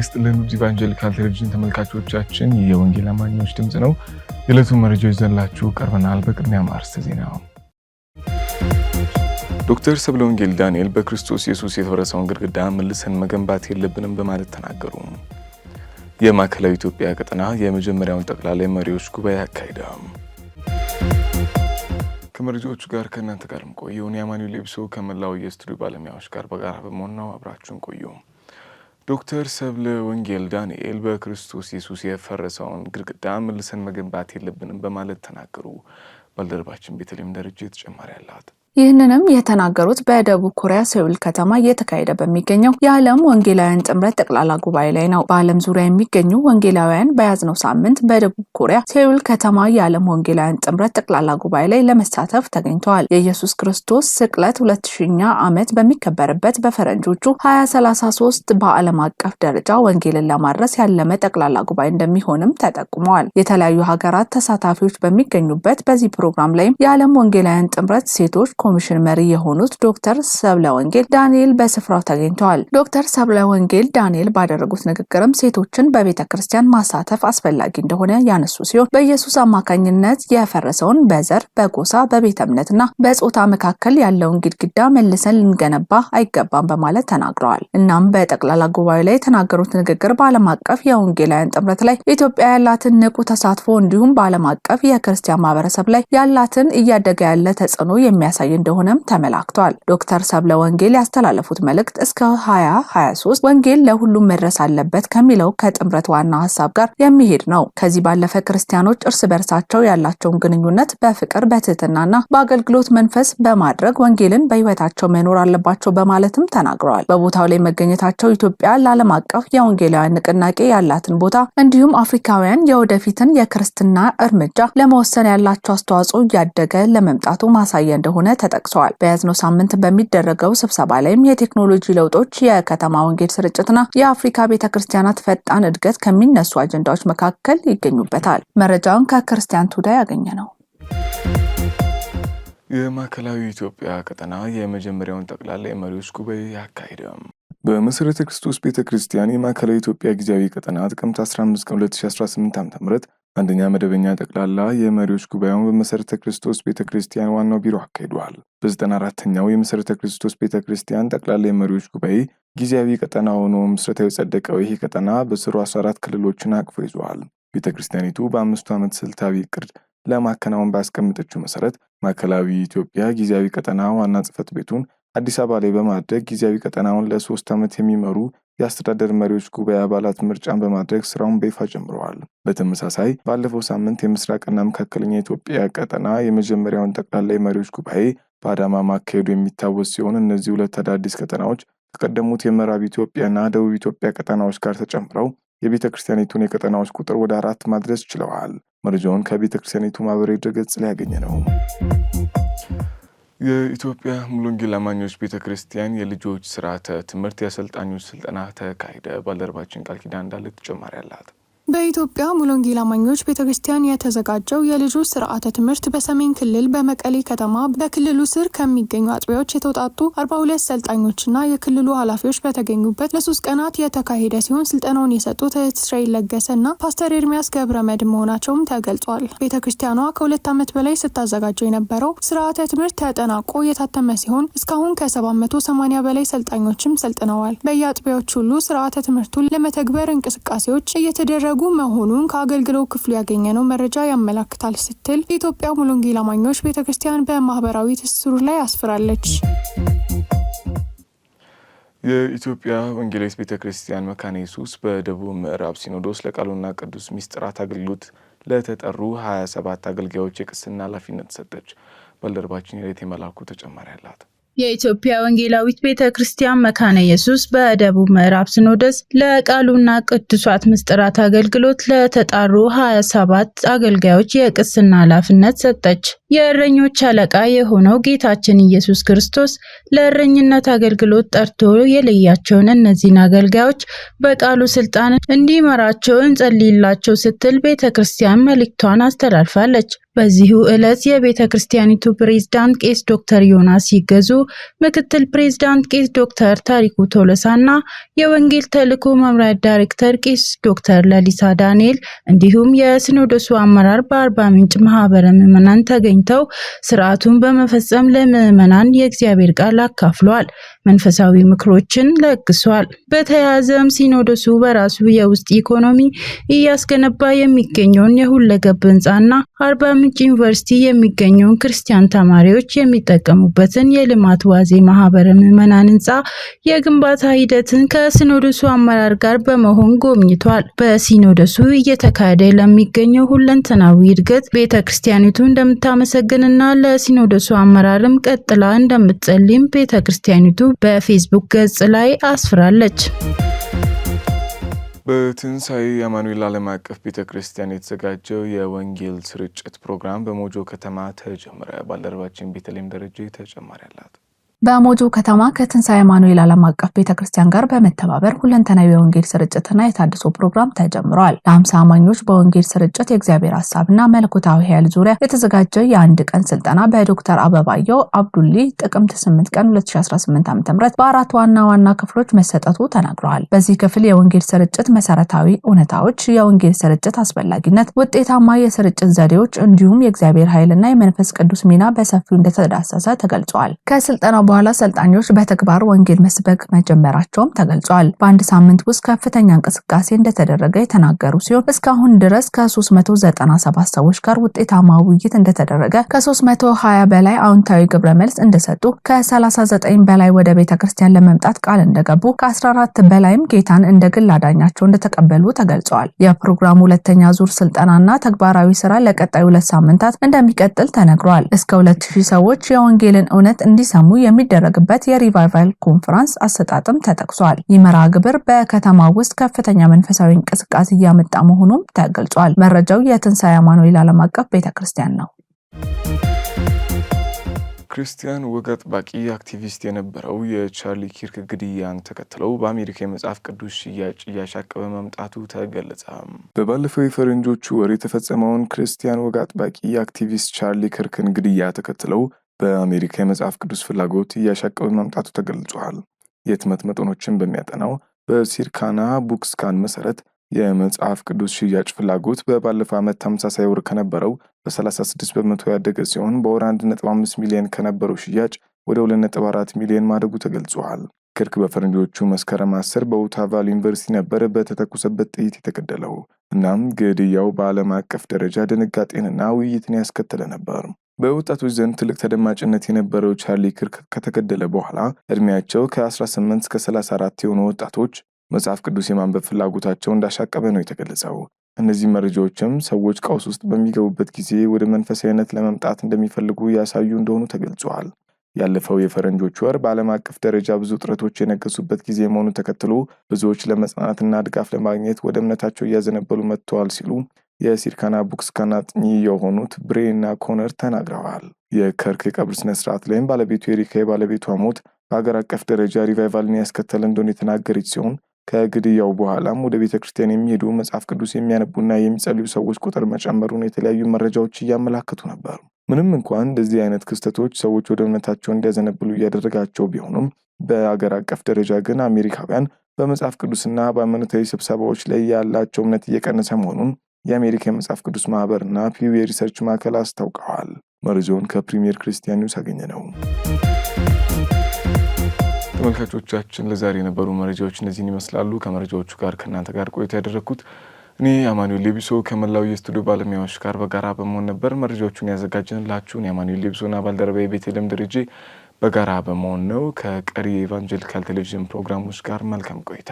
ይስጥልን ውድ ኢቫንጀሊካል ቴሌቪዥን ተመልካቾቻችን፣ የወንጌል አማኞች ድምፅ ነው። የዕለቱን መረጃዎች ይዘንላችሁ ቀርበናል። በቅድሚያ አርዕስተ ዜና። ዶክተር ሰብለ ወንጌል ዳንኤል በክርስቶስ ኢየሱስ የተወረሰውን ግድግዳ መልሰን መገንባት የለብንም በማለት ተናገሩ። የማዕከላዊ ኢትዮጵያ ቀጠና የመጀመሪያውን ጠቅላላ መሪዎች ጉባኤ አካሄደ። ከመረጃዎቹ ጋር ከእናንተ ጋርም ቆየውን የአማኑኤል ኤብሶ ከመላው የስቱዲዮ ባለሙያዎች ጋር በጋራ በመሆን ነው። አብራችሁን ቆዩ። ዶክተር ሰብለ ወንጌል ዳንኤል በክርስቶስ ኢየሱስ የፈረሰውን ግድግዳ መልሰን መገንባት የለብንም በማለት ተናገሩ። ባልደረባችን ቤተልሔም ደረጀ ተጨማሪ አላት። ይህንንም የተናገሩት በደቡብ ኮሪያ ሴውል ከተማ እየተካሄደ በሚገኘው የዓለም ወንጌላውያን ጥምረት ጠቅላላ ጉባኤ ላይ ነው። በዓለም ዙሪያ የሚገኙ ወንጌላውያን በያዝነው ሳምንት በደቡብ ኮሪያ ሴውል ከተማ የዓለም ወንጌላውያን ጥምረት ጠቅላላ ጉባኤ ላይ ለመሳተፍ ተገኝተዋል። የኢየሱስ ክርስቶስ ስቅለት ሁለት ሺኛ ዓመት በሚከበርበት በፈረንጆቹ ሶስት በዓለም አቀፍ ደረጃ ወንጌልን ለማድረስ ያለመ ጠቅላላ ጉባኤ እንደሚሆንም ተጠቁመዋል። የተለያዩ ሀገራት ተሳታፊዎች በሚገኙበት በዚህ ፕሮግራም ላይም የዓለም ወንጌላውያን ጥምረት ሴቶች ኮሚሽን መሪ የሆኑት ዶክተር ሰብለ ወንጌል ዳንኤል በስፍራው ተገኝተዋል። ዶክተር ሰብለ ወንጌል ዳንኤል ባደረጉት ንግግርም ሴቶችን በቤተ ክርስቲያን ማሳተፍ አስፈላጊ እንደሆነ ያነሱ ሲሆን በኢየሱስ አማካኝነት የፈረሰውን በዘር በጎሳ በቤተ እምነትና በጾታ መካከል ያለውን ግድግዳ መልሰን ልንገነባ አይገባም በማለት ተናግረዋል። እናም በጠቅላላ ጉባኤ ላይ የተናገሩት ንግግር በዓለም አቀፍ የወንጌላውያን ጥምረት ላይ ኢትዮጵያ ያላትን ንቁ ተሳትፎ እንዲሁም በዓለም አቀፍ የክርስቲያን ማህበረሰብ ላይ ያላትን እያደገ ያለ ተጽዕኖ የሚያሳይ እንደሆነም ተመላክቷል። ዶክተር ሰብለ ወንጌል ያስተላለፉት መልእክት እስከ 2023 ወንጌል ለሁሉም መድረስ አለበት ከሚለው ከጥምረት ዋና ሀሳብ ጋር የሚሄድ ነው። ከዚህ ባለፈ ክርስቲያኖች እርስ በርሳቸው ያላቸውን ግንኙነት በፍቅር በትህትናና በአገልግሎት መንፈስ በማድረግ ወንጌልን በህይወታቸው መኖር አለባቸው በማለትም ተናግረዋል። በቦታው ላይ መገኘታቸው ኢትዮጵያ ለዓለም አቀፍ የወንጌላውያን ንቅናቄ ያላትን ቦታ እንዲሁም አፍሪካውያን የወደፊትን የክርስትና እርምጃ ለመወሰን ያላቸው አስተዋጽኦ እያደገ ለመምጣቱ ማሳያ እንደሆነ ተጠቅሰዋል። በያዝነው ሳምንት በሚደረገው ስብሰባ ላይም የቴክኖሎጂ ለውጦች፣ የከተማ ወንጌል ስርጭትና የአፍሪካ ቤተ ክርስቲያናት ፈጣን እድገት ከሚነሱ አጀንዳዎች መካከል ይገኙበታል። መረጃውን ከክርስቲያን ቱዳ ያገኘ ነው። የማዕከላዊ ኢትዮጵያ ቀጠና የመጀመሪያውን ጠቅላላ የመሪዎች ጉባኤ አካሄደም። በመሠረተ ክርስቶስ ቤተ ክርስቲያን የማዕከላዊ ኢትዮጵያ ጊዜያዊ ቀጠና ጥቅምት 15 ቀን 2018 ም አንደኛ መደበኛ ጠቅላላ የመሪዎች ጉባኤውን በመሠረተ ክርስቶስ ቤተ ክርስቲያን ዋናው ቢሮ አካሂዷል። በዘጠና አራተኛው የመሠረተ ክርስቶስ ቤተ ክርስቲያን ጠቅላላ የመሪዎች ጉባኤ ጊዜያዊ ቀጠና ሆኖ ምስረታዊ የጸደቀው ይህ ቀጠና በስሩ 14 ክልሎችን አቅፎ ይዘዋል። ቤተ ክርስቲያኒቱ በአምስቱ ዓመት ስልታዊ እቅድ ለማከናወን ባስቀምጠችው መሠረት ማዕከላዊ ኢትዮጵያ ጊዜያዊ ቀጠና ዋና ጽህፈት ቤቱን አዲስ አበባ ላይ በማድረግ ጊዜያዊ ቀጠናውን ለሶስት ዓመት የሚመሩ የአስተዳደር መሪዎች ጉባኤ አባላት ምርጫን በማድረግ ስራውን በይፋ ጀምረዋል። በተመሳሳይ ባለፈው ሳምንት የምስራቅና መካከለኛ ኢትዮጵያ ቀጠና የመጀመሪያውን ጠቅላላ የመሪዎች ጉባኤ በአዳማ ማካሄዱ የሚታወስ ሲሆን እነዚህ ሁለት አዳዲስ ቀጠናዎች ከቀደሙት የምዕራብ ኢትዮጵያና ደቡብ ኢትዮጵያ ቀጠናዎች ጋር ተጨምረው የቤተ ክርስቲያኒቱን የቀጠናዎች ቁጥር ወደ አራት ማድረስ ችለዋል። መረጃውን ከቤተ ክርስቲያኒቱ ማህበራዊ ድረገጽ ላይ ያገኘ ነው። የኢትዮጵያ ሙሉ ወንጌል አማኞች ቤተ ክርስቲያን የልጆች ስርዓተ ትምህርት የአሰልጣኞች ስልጠና ተካሄደ። ባልደረባችን ቃል ኪዳን እንዳለ ተጨማሪ አላት። በኢትዮጵያ ሙሉ ወንጌል አማኞች ቤተ ክርስቲያን የተዘጋጀው የልጆች ስርዓተ ትምህርት በሰሜን ክልል በመቀሌ ከተማ በክልሉ ስር ከሚገኙ አጥቢያዎች የተውጣጡ 42 ሰልጣኞችና የክልሉ ኃላፊዎች በተገኙበት ለሶስት ቀናት የተካሄደ ሲሆን ስልጠናውን የሰጡት እህት እስራኤል ለገሰና ፓስተር ኤርሚያስ ገብረመድ መሆናቸውም ተገልጿል። ቤተ ክርስቲያኗ ከሁለት ዓመት በላይ ስታዘጋጀው የነበረው ስርዓተ ትምህርት ተጠናቆ የታተመ ሲሆን እስካሁን መቶ ሰማኒያ በላይ ሰልጣኞችም ሰልጥነዋል። በየአጥቢያዎች ሁሉ ስርዓተ ትምህርቱን ለመተግበር እንቅስቃሴዎች እየተደረጉ እያደረጉ መሆኑን ከአገልግሎት ክፍሉ ያገኘነው መረጃ ያመላክታል ስትል የኢትዮጵያ ሙሉ ወንጌል አማኞች ቤተ ክርስቲያን በማህበራዊ ትስስሩ ላይ አስፍራለች። የኢትዮጵያ ወንጌላዊት ቤተ ክርስቲያን መካነ ኢየሱስ በደቡብ ምዕራብ ሲኖዶስ ለቃሉና ቅዱስ ሚስጥራት አገልግሎት ለተጠሩ 27 አገልጋዮች የቅስና ኃላፊነት ሰጠች። ባልደረባችን የሌት የመላኩ ተጨማሪ አላት። የኢትዮጵያ ወንጌላዊት ቤተ ክርስቲያን መካነ ኢየሱስ በደቡብ ምዕራብ ሲኖዶስ ለቃሉና ቅዱሳት ምስጢራት አገልግሎት ለተጣሩ 27 አገልጋዮች የቅስና ኃላፊነት ሰጠች። የእረኞች አለቃ የሆነው ጌታችን ኢየሱስ ክርስቶስ ለእረኝነት አገልግሎት ጠርቶ የለያቸውን እነዚህን አገልጋዮች በቃሉ ስልጣን እንዲመራቸው እንጸልይላቸው ስትል ቤተ ክርስቲያን መልእክቷን አስተላልፋለች። በዚሁ ዕለት የቤተ ክርስቲያኒቱ ፕሬዝዳንት ቄስ ዶክተር ዮናስ ይገዙ ምክትል ፕሬዝዳንት ቄስ ዶክተር ታሪኩ ቶለሳና የወንጌል ተልኮ መምሪያ ዳይሬክተር ቄስ ዶክተር ለሊሳ ዳንኤል እንዲሁም የሲኖዶሱ አመራር በአርባ ምንጭ ማህበረ ምዕመናን ተገኝተው ስርዓቱን በመፈጸም ለምዕመናን የእግዚአብሔር ቃል አካፍሏል። መንፈሳዊ ምክሮችን ለግሷል። በተያያዘም ሲኖዶሱ በራሱ የውስጥ ኢኮኖሚ እያስገነባ የሚገኘውን የሁለገብ ህንፃና አርባ ምንጭ ዩኒቨርሲቲ የሚገኘውን ክርስቲያን ተማሪዎች የሚጠቀሙበትን የልማት ዋዜ ማህበረ ምዕመናን ህንፃ የግንባታ ሂደትን ከሲኖዶሱ አመራር ጋር በመሆን ጎብኝቷል። በሲኖዶሱ እየተካሄደ ለሚገኘው ሁለንተናዊ እድገት ቤተ ክርስቲያኒቱ እንደምታመሰግንና ለሲኖዶሱ አመራርም ቀጥላ እንደምትጸልይም ቤተ ክርስቲያኒቱ በፌስቡክ ገጽ ላይ አስፍራለች። በትንሣኤ የአማኑኤል ዓለም አቀፍ ቤተ ክርስቲያን የተዘጋጀው የወንጌል ስርጭት ፕሮግራም በሞጆ ከተማ ተጀመረ። ባልደረባችን ቤተልሔም ደረጀ ተጨማሪ አላት። በሞጆ ከተማ ከትንሣኤ ማኑኤል ዓለም አቀፍ ቤተ ክርስቲያን ጋር በመተባበር ሁለንተናዊ የወንጌል ስርጭትና የታድሶ ፕሮግራም ተጀምረዋል። ለአምሳ አማኞች በወንጌል ስርጭት የእግዚአብሔር ሀሳብና መለኮታዊ ኃይል ዙሪያ የተዘጋጀ የአንድ ቀን ስልጠና በዶክተር አበባየው አብዱሊ ጥቅምት 8 ቀን 2018 ዓ.ም በአራት ዋና ዋና ክፍሎች መሰጠቱ ተናግረዋል። በዚህ ክፍል የወንጌል ስርጭት መሰረታዊ እውነታዎች፣ የወንጌል ስርጭት አስፈላጊነት፣ ውጤታማ የስርጭት ዘዴዎች እንዲሁም የእግዚአብሔር ኃይልና የመንፈስ ቅዱስ ሚና በሰፊው እንደተዳሰሰ ተገልጿል። ከስልጠናው በኋላ ሰልጣኞች በተግባር ወንጌል መስበክ መጀመራቸውም ተገልጿል። በአንድ ሳምንት ውስጥ ከፍተኛ እንቅስቃሴ እንደተደረገ የተናገሩ ሲሆን እስካሁን ድረስ ከ397 ሰዎች ጋር ውጤታማ ውይይት እንደተደረገ ከ320 በላይ አዎንታዊ ግብረ መልስ እንደሰጡ ከ39 በላይ ወደ ቤተ ክርስቲያን ለመምጣት ቃል እንደገቡ ከ14 በላይም ጌታን እንደ ግል አዳኛቸው እንደተቀበሉ ተገልጿል። የፕሮግራሙ ሁለተኛ ዙር ስልጠናና ተግባራዊ ስራ ለቀጣይ ሁለት ሳምንታት እንደሚቀጥል ተነግሯል። እስከ 2000 ሰዎች የወንጌልን እውነት እንዲሰሙ የሚ የሚደረግበት የሪቫይቫል ኮንፈረንስ አሰጣጥም ተጠቅሷል። ይህ መርሃ ግብር በከተማ ውስጥ ከፍተኛ መንፈሳዊ እንቅስቃሴ እያመጣ መሆኑም ተገልጿል። መረጃው የትንሣኤ አማኑኤል ዓለም አቀፍ ቤተ ክርስቲያን ነው። ክርስቲያን ወግ አጥባቂ አክቲቪስት የነበረው የቻርሊ ኪርክ ግድያን ተከትለው በአሜሪካ የመጽሐፍ ቅዱስ ሽያጭ እያሻቀበ መምጣቱ ተገለጸ። በባለፈው የፈረንጆቹ ወር የተፈጸመውን ክርስቲያን ወግ አጥባቂ አክቲቪስት ቻርሊ ኪርክን ግድያ ተከትለው በአሜሪካ የመጽሐፍ ቅዱስ ፍላጎት እያሻቀበ መምጣቱ ተገልጿል። የህትመት መጠኖችን በሚያጠናው በሲርካና ቡክስካን መሰረት የመጽሐፍ ቅዱስ ሽያጭ ፍላጎት በባለፈው ዓመት ተመሳሳይ ወር ከነበረው በ36 በመቶ ያደገ ሲሆን በወር 1.5 ሚሊዮን ከነበረው ሽያጭ ወደ 2.4 ሚሊዮን ማደጉ ተገልጿል። ክርክ በፈረንጆቹ መስከረም 10 በኡታቫል ዩኒቨርሲቲ ነበር በተተኮሰበት ጥይት የተገደለው። እናም ግድያው በዓለም አቀፍ ደረጃ ድንጋጤንና ውይይትን ያስከተለ ነበር። በወጣቶች ዘንድ ትልቅ ተደማጭነት የነበረው ቻርሊ ክርክ ከተገደለ በኋላ እድሜያቸው ከ18 እስከ 34 የሆኑ ወጣቶች መጽሐፍ ቅዱስ የማንበብ ፍላጎታቸው እንዳሻቀበ ነው የተገለጸው። እነዚህ መረጃዎችም ሰዎች ቀውስ ውስጥ በሚገቡበት ጊዜ ወደ መንፈሳዊነት ለመምጣት እንደሚፈልጉ ያሳዩ እንደሆኑ ተገልጿል። ያለፈው የፈረንጆች ወር በዓለም አቀፍ ደረጃ ብዙ ጥረቶች የነገሱበት ጊዜ መሆኑን ተከትሎ ብዙዎች ለመጽናናትና ድጋፍ ለማግኘት ወደ እምነታቸው እያዘነበሉ መጥተዋል ሲሉ የሲርካና ቡክስ ጥኚ የሆኑት ብሬና ኮነር ተናግረዋል። የከርክ የቀብር ስነ ስርዓት ላይም ባለቤቱ የሪካ የባለቤቷ ሞት በሀገር አቀፍ ደረጃ ሪቫይቫልን ያስከተለ እንደሆነ የተናገረች ሲሆን ከግድያው በኋላም ወደ ቤተ ክርስቲያን የሚሄዱ መጽሐፍ ቅዱስ የሚያነቡና የሚጸልዩ ሰዎች ቁጥር መጨመሩን የተለያዩ መረጃዎች እያመላከቱ ነበር። ምንም እንኳን እንደዚህ አይነት ክስተቶች ሰዎች ወደ እምነታቸው እንዲያዘነብሉ እያደረጋቸው ቢሆኑም በአገር አቀፍ ደረጃ ግን አሜሪካውያን በመጽሐፍ ቅዱስና በሃይማኖታዊ ስብሰባዎች ላይ ያላቸው እምነት እየቀነሰ መሆኑን የአሜሪካ የመጽሐፍ ቅዱስ ማህበር እና ፒው የሪሰርች ማዕከል አስታውቀዋል። መረጃውን ከፕሪምየር ክርስቲያን ኒውስ አገኘ ነው። ተመልካቾቻችን ለዛሬ የነበሩ መረጃዎች እነዚህን ይመስላሉ። ከመረጃዎቹ ጋር ከእናንተ ጋር ቆይታ ያደረግኩት እኔ አማኑኤል ሌቢሶ ከመላው የስቱዲዮ ባለሙያዎች ጋር በጋራ በመሆን ነበር መረጃዎቹን ያዘጋጀንላችሁ። እኔ ሌቢሶና ባልደረባ ቤተልሔም ደረጀ በጋራ በመሆን ነው። ከቀሪ የኢቫንጀሊካል ቴሌቪዥን ፕሮግራሞች ጋር መልካም ቆይታ